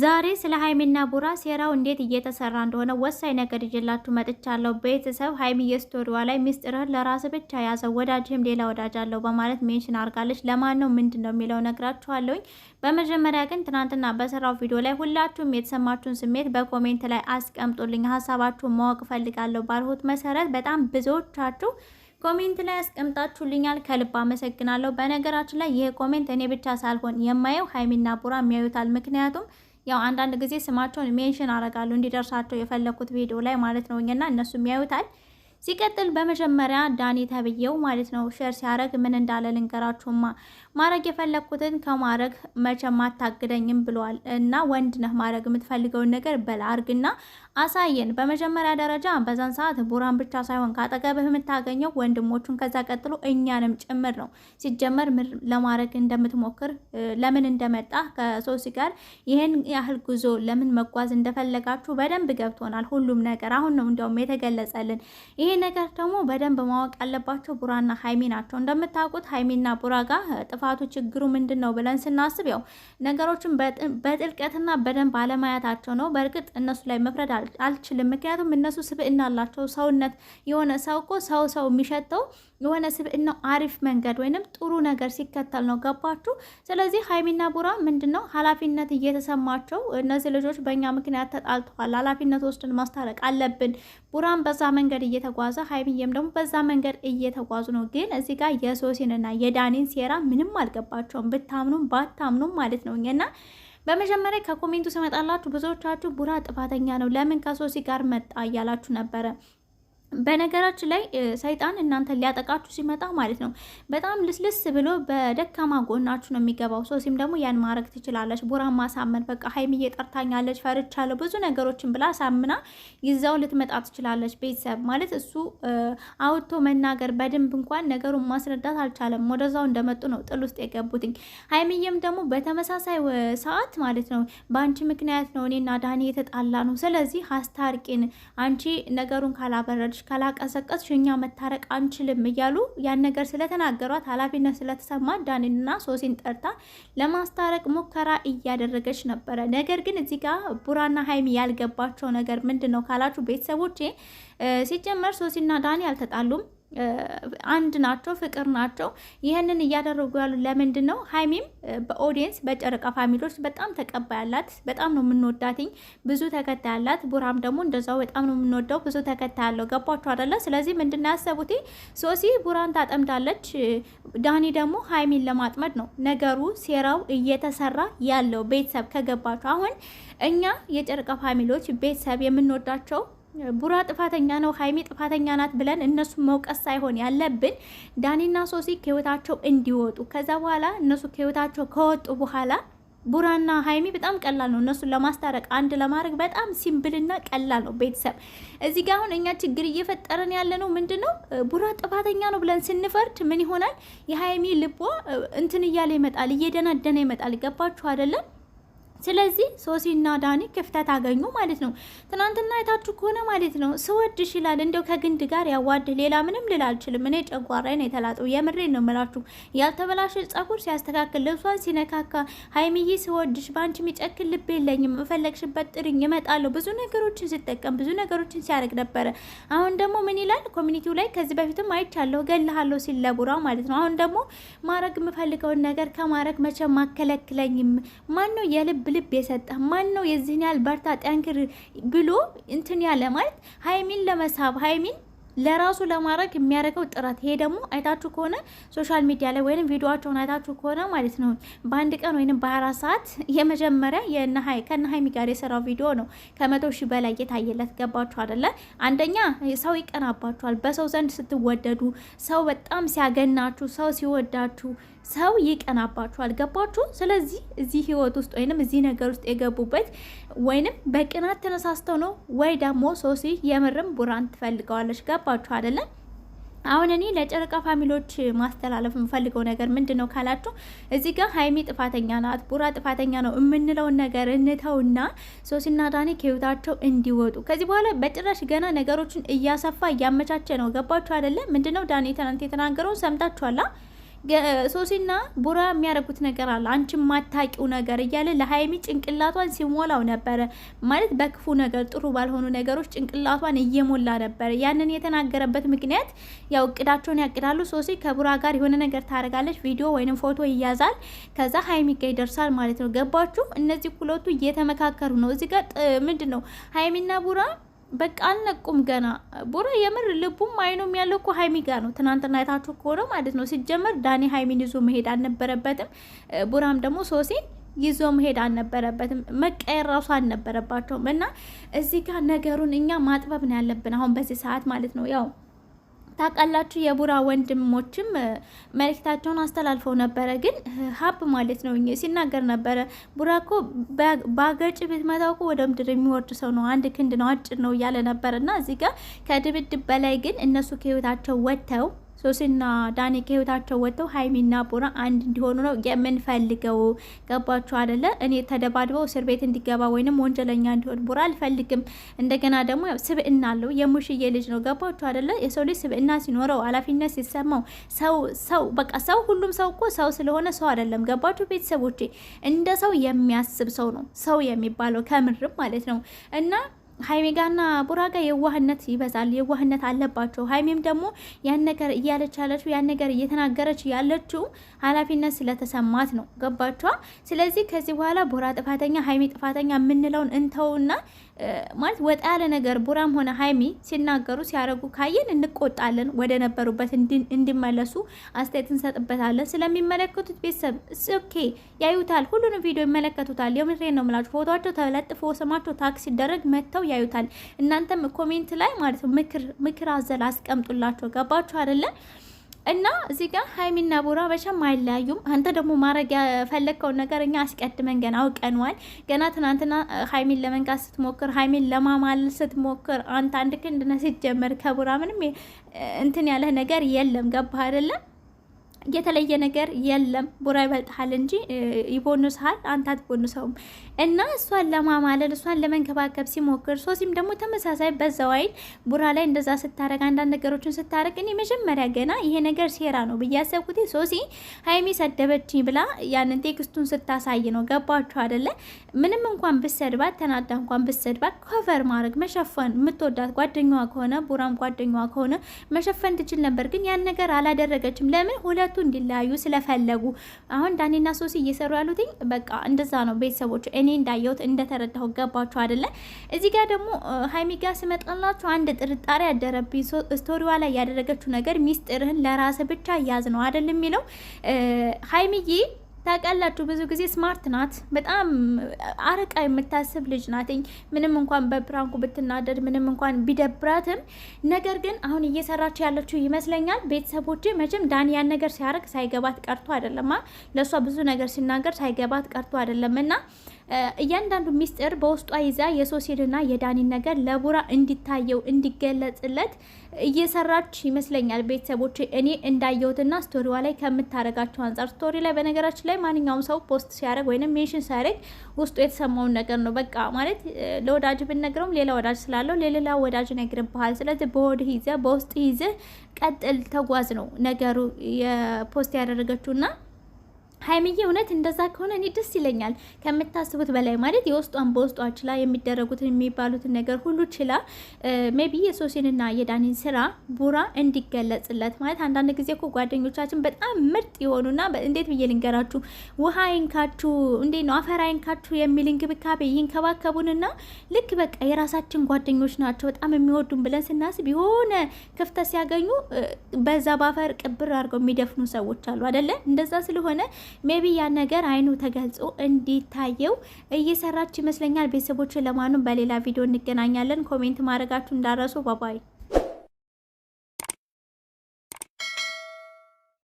ዛሬ ስለ ሀይሚና ቡራ ሴራው እንዴት እየተሰራ እንደሆነ ወሳኝ ነገር ይዤላችሁ መጥቻለሁ። ቤተሰብ ሀይሚ የስቶሪዋ ላይ ሚስጥርህን ለራስ ብቻ ያዘው ወዳጅህም ሌላ ወዳጅ አለው በማለት ሜንሽን አድርጋለች። ለማን ነው ምንድን ነው የሚለው ነግራችኋለሁኝ። በመጀመሪያ ግን ትናንትና በሰራው ቪዲዮ ላይ ሁላችሁም የተሰማችሁን ስሜት በኮሜንት ላይ አስቀምጡልኝ። ሀሳባችሁን ማወቅ ፈልጋለሁ ባልሁት መሰረት በጣም ብዙዎቻችሁ ኮሜንት ላይ አስቀምጣችሁልኛል። ከልብ አመሰግናለሁ። በነገራችን ላይ ይህ ኮሜንት እኔ ብቻ ሳልሆን የማየው ሀይሚና ቡራ የሚያዩታል። ምክንያቱም ያው አንዳንድ ጊዜ ስማቸውን ሜንሽን አረጋሉ እንዲደርሳቸው የፈለግኩት ቪዲዮ ላይ ማለት ነው እና እነሱም ያዩታል። ሲቀጥል በመጀመሪያ ዳኒ ተብዬው ማለት ነው ሼር ሲያደረግ ምን እንዳለ ልንገራችሁማ። ማድረግ የፈለግኩትን ከማድረግ መቼም አታግደኝም ብለዋል እና ወንድ ነህ ማድረግ የምትፈልገውን ነገር በል አርግና አሳየን። በመጀመሪያ ደረጃ በዛን ሰዓት ቡራን ብቻ ሳይሆን ከአጠገብህ የምታገኘው ወንድሞቹን ከዛ ቀጥሎ እኛንም ጭምር ነው። ሲጀመር ምር ለማድረግ እንደምትሞክር ለምን እንደመጣ ከሶሲ ጋር ይህን ያህል ጉዞ ለምን መጓዝ እንደፈለጋችሁ በደንብ ገብቶናል። ሁሉም ነገር አሁን ነው እንዲያውም የተገለጸልን። ይሄ ነገር ደግሞ በደንብ ማወቅ ያለባቸው ቡራና ሀይሚ ናቸው። እንደምታውቁት ሀይሚና ቡራ ጋር ጥፋቱ ችግሩ ምንድን ነው ብለን ስናስብ ያው ነገሮችን በጥልቀትና በደንብ አለማያታቸው ነው። በእርግጥ እነሱ ላይ መፍረድ አል አልችልም። ምክንያቱም እነሱ ስብዕና አላቸው። ሰውነት የሆነ ሰው እኮ ሰው ሰው የሚሸተው የሆነ ስብዕናው አሪፍ መንገድ ወይንም ጥሩ ነገር ሲከተል ነው። ገባችሁ? ስለዚህ ሀይሚና ቡራ ምንድን ነው ኃላፊነት እየተሰማቸው እነዚህ ልጆች በእኛ ምክንያት ተጣልተዋል፣ ኃላፊነት ወስድን ማስታረቅ አለብን። ቡራን በዛ መንገድ እየተጓዘ ሀይሚዬም ደግሞ በዛ መንገድ እየተጓዙ ነው። ግን እዚህ ጋር የሶሲንና የዳኒን ሴራ ምንም አልገባቸውም፣ ብታምኑም ባታምኑም ማለት ነው እና በመጀመሪያ ከኮሜንቱ ስመጣላችሁ ብዙዎቻችሁ ቡራ ጥፋተኛ ነው ለምን ከሶሲ ጋር መጣ እያላችሁ ነበረ። በነገራችን ላይ ሰይጣን እናንተ ሊያጠቃችሁ ሲመጣ ማለት ነው በጣም ልስልስ ብሎ በደካማ ጎናችሁ ነው የሚገባው። ሶሲም ደግሞ ያን ማድረግ ትችላለች። ቡራን ማሳመን በቃ ሀይሚዬ ጠርታኛለች፣ ፈርቻለሁ፣ ብዙ ነገሮችን ብላ ሳምና ይዛው ልትመጣ ትችላለች። ቤተሰብ ማለት እሱ አውጥቶ መናገር በደንብ እንኳን ነገሩን ማስረዳት አልቻለም። ወደዛው እንደመጡ ነው ጥል ውስጥ የገቡትኝ። ሀይሚዬም ደግሞ በተመሳሳይ ሰዓት ማለት ነው በአንቺ ምክንያት ነው እኔና ዳኒ የተጣላ ነው፣ ስለዚህ አስታርቂን አንቺ ነገሩን ካላበረ ከቀሰቀስሽ ካላቀሰቀስሽ እኛ መታረቅ አንችልም እያሉ ያን ነገር ስለተናገሯት ኃላፊነት ስለተሰማ ዳኒንና ሶሲን ጠርታ ለማስታረቅ ሙከራ እያደረገች ነበረ። ነገር ግን እዚህ ጋር ቡራና ሀይሚ ያልገባቸው ነገር ምንድን ነው ካላችሁ ቤተሰቦቼ ሲጀመር ሶሲና ዳኒ አልተጣሉም። አንድ ናቸው፣ ፍቅር ናቸው። ይህንን እያደረጉ ያሉ ለምንድን ነው? ሀይሚም በኦዲየንስ በጨረቃ ፋሚሊዎች በጣም ተቀባይ ያላት፣ በጣም ነው የምንወዳትኝ፣ ብዙ ተከታይ ያላት። ቡራም ደግሞ እንደዛው በጣም ነው የምንወደው፣ ብዙ ተከታይ ያለው። ገባችሁ አደለ? ስለዚህ ምንድን ነው ያሰቡት? ሶሲ ቡራን ታጠምዳለች፣ ዳኒ ደግሞ ሀይሚን ለማጥመድ ነው ነገሩ፣ ሴራው እየተሰራ ያለው ቤተሰብ ከገባችሁ። አሁን እኛ የጨረቃ ፋሚሊዎች ቤተሰብ የምንወዳቸው ቡራ ጥፋተኛ ነው፣ ሀይሚ ጥፋተኛ ናት ብለን እነሱ መውቀስ ሳይሆን ያለብን ዳኒና ሶሲ ከህይወታቸው እንዲወጡ ከዛ በኋላ እነሱ ከህይወታቸው ከወጡ በኋላ ቡራና ሀይሚ በጣም ቀላል ነው እነሱን ለማስታረቅ አንድ ለማድረግ በጣም ሲምፕልና ቀላል ነው። ቤተሰብ እዚህ ጋር አሁን እኛ ችግር እየፈጠረን ያለ ነው ምንድን ነው ቡራ ጥፋተኛ ነው ብለን ስንፈርድ ምን ይሆናል? የሀይሚ ልቦ እንትን እያለ ይመጣል፣ እየደናደነ ይመጣል። ገባችሁ አይደለም? ስለዚህ ሶሲና ዳኒ ክፍተት አገኙ ማለት ነው። ትናንትና አይታችሁ ከሆነ ማለት ነው ስወድሽ ይላል እንደው ከግንድ ጋር ያዋድ ሌላ ምንም ልል አልችልም። እኔ ጨጓራዬን የተላጠው የምሬን ነው ምላችሁ። ያልተበላሸ ጸጉር ሲያስተካክል፣ ልብሷን ሲነካካ፣ ሀይሚዬ ስወድሽ በአንቺ የሚጨክል ልብ የለኝም፣ እፈለግሽበት ጥሪኝ፣ እመጣለሁ። ብዙ ነገሮችን ሲጠቀም ብዙ ነገሮችን ሲያደርግ ነበረ። አሁን ደግሞ ምን ይላል ኮሚኒቲው ላይ ከዚህ በፊትም አይቻለሁ፣ እገልሃለሁ ሲል ለቡራ ማለት ነው። አሁን ደግሞ ማድረግ የምፈልገውን ነገር ከማድረግ መቼም አከለክለኝም። ማን ነው የልብ ልብ የሰጠህ ማን ነው? የዚህን ያህል በርታ ጠንክር ብሎ እንትን ያለ ማለት ሀይሚን ለመሳብ ሀይሚን ለራሱ ለማድረግ የሚያደርገው ጥረት። ይሄ ደግሞ አይታችሁ ከሆነ ሶሻል ሚዲያ ላይ ወይም ቪዲዮቸውን አይታችሁ ከሆነ ማለት ነው በአንድ ቀን ወይም በአራት ሰዓት የመጀመሪያ የነሀይ ከነሀይሚ ጋር የሰራው ቪዲዮ ነው ከመቶ ሺህ በላይ እየታየለት። ገባችሁ አደለ? አንደኛ ሰው ይቀናባችኋል። በሰው ዘንድ ስትወደዱ፣ ሰው በጣም ሲያገናችሁ፣ ሰው ሲወዳችሁ ሰው ይቀናባችኋል። ገባችሁ? ስለዚህ እዚህ ህይወት ውስጥ ወይንም እዚህ ነገር ውስጥ የገቡበት ወይንም በቅናት ተነሳስተው ነው ወይ ደግሞ ሶሲ የምርም ቡራን ትፈልገዋለች። ገባ ገባችሁ አይደለም? አሁን እኔ ለጨረቃ ፋሚሊዎች ማስተላለፍ የምፈልገው ነገር ምንድን ነው ካላችሁ፣ እዚህ ጋር ሀይሚ ጥፋተኛ ናት፣ ቡራ ጥፋተኛ ነው የምንለውን ነገር እንተውና ሶሲና ዳኔ ከህይወታቸው እንዲወጡ ከዚህ በኋላ በጭራሽ ገና ነገሮችን እያሰፋ እያመቻቸ ነው። ገባችሁ አይደለም? ምንድን ነው ዳኒ ትናንት የተናገረው ሰምታችኋላ። ሶሲና ቡራ የሚያደርጉት ነገር አለ አንቺ ማታቂው ነገር እያለ ለሀይሚ ጭንቅላቷን ሲሞላው ነበረ። ማለት በክፉ ነገር፣ ጥሩ ባልሆኑ ነገሮች ጭንቅላቷን እየሞላ ነበረ። ያንን የተናገረበት ምክንያት ያው እቅዳቸውን ያቅዳሉ። ሶሲ ከቡራ ጋር የሆነ ነገር ታደርጋለች። ቪዲዮ ወይም ፎቶ ይያዛል፣ ከዛ ሀይሚ ጋ ይደርሳል ማለት ነው። ገባችሁ? እነዚህ ሁለቱ እየተመካከሩ ነው። እዚህ ጋር ምንድን ነው ሀይሚና ቡራ በቃ አልነቁም ገና። ቡራ የምር ልቡም አይኑም ያለው እኮ ሀይሚ ጋር ነው። ትናንትና አይታችሁ ከሆነ ማለት ነው። ሲጀመር ዳኒ ሀይሚን ይዞ መሄድ አልነበረበትም። ቡራም ደግሞ ሶሴን ይዞ መሄድ አልነበረበትም። መቀየር ራሱ አልነበረባቸውም። እና እዚህ ጋር ነገሩን እኛ ማጥበብ ነው ያለብን አሁን በዚህ ሰዓት ማለት ነው ያው ታውቃላችሁ የቡራ ወንድሞችም መልእክታቸውን አስተላልፈው ነበረ። ግን ሀብ ማለት ነው ሲናገር ነበረ። ቡራ እኮ በአገጭ ብትመታው እኮ ወደ ምድር የሚወርድ ሰው ነው፣ አንድ ክንድ ነው፣ አጭር ነው እያለ ነበር እና እዚህ ጋር ከድብድብ በላይ ግን እነሱ ከህይወታቸው ወጥተው ሶሲና ዳኒ ከህይወታቸው ወጥተው ሀይሚና ቡራ አንድ እንዲሆኑ ነው የምንፈልገው። ገባችሁ አደለ? እኔ ተደባድበው እስር ቤት እንዲገባ ወይንም ወንጀለኛ እንዲሆን ቡራ አልፈልግም። እንደገና ደግሞ ስብዕና አለው የሙሽዬ ልጅ ነው። ገባችሁ አደለ? የሰው ልጅ ስብዕና ሲኖረው ኃላፊነት ሲሰማው ሰው ሰው በቃ ሰው ሁሉም ሰው እኮ ሰው ስለሆነ ሰው አደለም። ገባችሁ ቤተሰቦቼ? እንደ ሰው የሚያስብ ሰው ነው ሰው የሚባለው ከምርም ማለት ነው እና ሀይሜ ጋና ቡራ ጋር የዋህነት ይበዛል፣ የዋህነት አለባቸው። ሀይሜም ደግሞ ያን ነገር እያለች ያለችው ያን ነገር እየተናገረች ያለችው ኃላፊነት ስለተሰማት ነው። ገባችኋ? ስለዚህ ከዚህ በኋላ ቡራ ጥፋተኛ፣ ሀይሜ ጥፋተኛ የምንለውን እንተውና ማለት ወጣ ያለ ነገር ቡራም ሆነ ሀይሚ ሲናገሩ ሲያደርጉ ካየን እንቆጣለን። ወደ ነበሩበት እንዲመለሱ አስተያየት እንሰጥበታለን። ስለሚመለከቱት ቤተሰብ ኦኬ ያዩታል፣ ሁሉንም ቪዲዮ ይመለከቱታል። የምሬን ነው የምላችሁ። ፎቶቸው ተለጥፎ ስማቸው ታክ ሲደረግ መጥተው ያዩታል። እናንተም ኮሜንት ላይ ማለት ምክር ምክር አዘል አስቀምጡላቸው። ገባችሁ አይደለም? እና እዚህ ጋር ሀይሚና ቦራ መቼም አይለያዩም። አንተ ደግሞ ማድረግ የፈለግከውን ነገር እኛ አስቀድመን ገና አውቀንዋል። ገና ትናንትና ሀይሚን ለመንካት ስትሞክር፣ ሀይሚን ለማማል ስትሞክር አንተ አንድ ክንድ ነህ። ሲጀመር ከቡራ ምንም እንትን ያለህ ነገር የለም። ገባህ አይደለም? የተለየ ነገር የለም። ቡራ ይበልጥሃል እንጂ ይቦንስሃል፣ አንተ አትቦንሰውም። እና እሷን ለማማለል እሷን ለመንከባከብ ሲሞክር፣ ሶሲም ደግሞ ተመሳሳይ በዛው አይን ቡራ ላይ እንደዛ ስታደረግ አንዳንድ ነገሮችን ስታረግ፣ እኔ መጀመሪያ ገና ይሄ ነገር ሴራ ነው ብዬ ያሰብኩት ሶሲ ሀይሚ ሰደበችኝ ብላ ያንን ቴክስቱን ስታሳይ ነው። ገባችሁ አደለ? ምንም እንኳን ብሰድባት፣ ተናዳ እንኳን ብሰድባት፣ ኮቨር ማድረግ መሸፈን የምትወዳት ጓደኛዋ ከሆነ ቡራም ጓደኛዋ ከሆነ መሸፈን ትችል ነበር፣ ግን ያን ነገር አላደረገችም። ለምን ሁለቱ እንዲለያዩ ስለፈለጉ አሁን ዳኒና ሶሲ እየሰሩ ያሉትኝ በቃ እንደዛ ነው። ቤተሰቦች እኔ እንዳየሁት እንደተረዳሁት ገባችሁ አይደለ? እዚህ ጋር ደግሞ ሀይሚ ጋር ስመጣላችሁ አንድ ጥርጣሬ ያደረብኝ ስቶሪዋ ላይ ያደረገችው ነገር ሚስጥርህን ለራስ ብቻ ያዝ ነው አይደል የሚለው ሀይሚዬ ታውቃላችሁ፣ ብዙ ጊዜ ስማርት ናት። በጣም አርቃ የምታስብ ልጅ ናትኝ። ምንም እንኳን በፕራንኩ ብትናደድ፣ ምንም እንኳን ቢደብራትም፣ ነገር ግን አሁን እየሰራችው ያለችው ይመስለኛል። ቤተሰቦች መቼም ዳን ያን ነገር ሲያደርግ ሳይገባት ቀርቶ አይደለም፣ ለእሷ ብዙ ነገር ሲናገር ሳይገባት ቀርቶ አይደለም እና እያንዳንዱ ሚስጥር በውስጧ ይዛ የሶሲድና የዳኒን ነገር ለቡራ እንዲታየው እንዲገለጽለት እየሰራች ይመስለኛል። ቤተሰቦች እኔ እንዳየሁትና ስቶሪዋ ላይ ከምታደርጋቸው አንጻር ስቶሪ ላይ በነገራችን ላይ ማንኛውም ሰው ፖስት ሲያደርግ ወይም ሜንሽን ሲያደርግ ውስጡ የተሰማውን ነገር ነው። በቃ ማለት ለወዳጅ ብንነግረውም ሌላ ወዳጅ ስላለው ለሌላ ወዳጅ ነግርብሃል። ስለዚህ በሆድህ ይዘህ በውስጥ ይዘህ ቀጥል፣ ተጓዝ ነው ነገሩ የፖስት ያደረገችውና ሀይሚዬ እውነት እንደዛ ከሆነ እኔ ደስ ይለኛል፣ ከምታስቡት በላይ ማለት የውስጧን በውስጧ ችላ የሚደረጉትን የሚባሉትን ነገር ሁሉ ችላ ሜቢ የሶሲንና የዳኒን ስራ ቡራ እንዲገለጽለት ማለት አንዳንድ ጊዜ እኮ ጓደኞቻችን በጣም ምርጥ የሆኑና እንዴት ብዬ ልንገራችሁ ውሃ ይንካችሁ እንዴ ነው አፈር አይንካችሁ የሚል እንክብካቤ ይንከባከቡንና ልክ በቃ የራሳችን ጓደኞች ናቸው በጣም የሚወዱን ብለን ስናስብ የሆነ ክፍተት ሲያገኙ በዛ በአፈር ቅብር አድርገው የሚደፍኑ ሰዎች አሉ አደለ? እንደዛ ስለሆነ ሜቢ ያን ነገር አይኑ ተገልጾ እንዲታየው እየሰራች ይመስለኛል። ቤተሰቦችን ለማኑም በሌላ ቪዲዮ እንገናኛለን። ኮሜንት ማድረጋችሁ እንዳረሱ ባባይ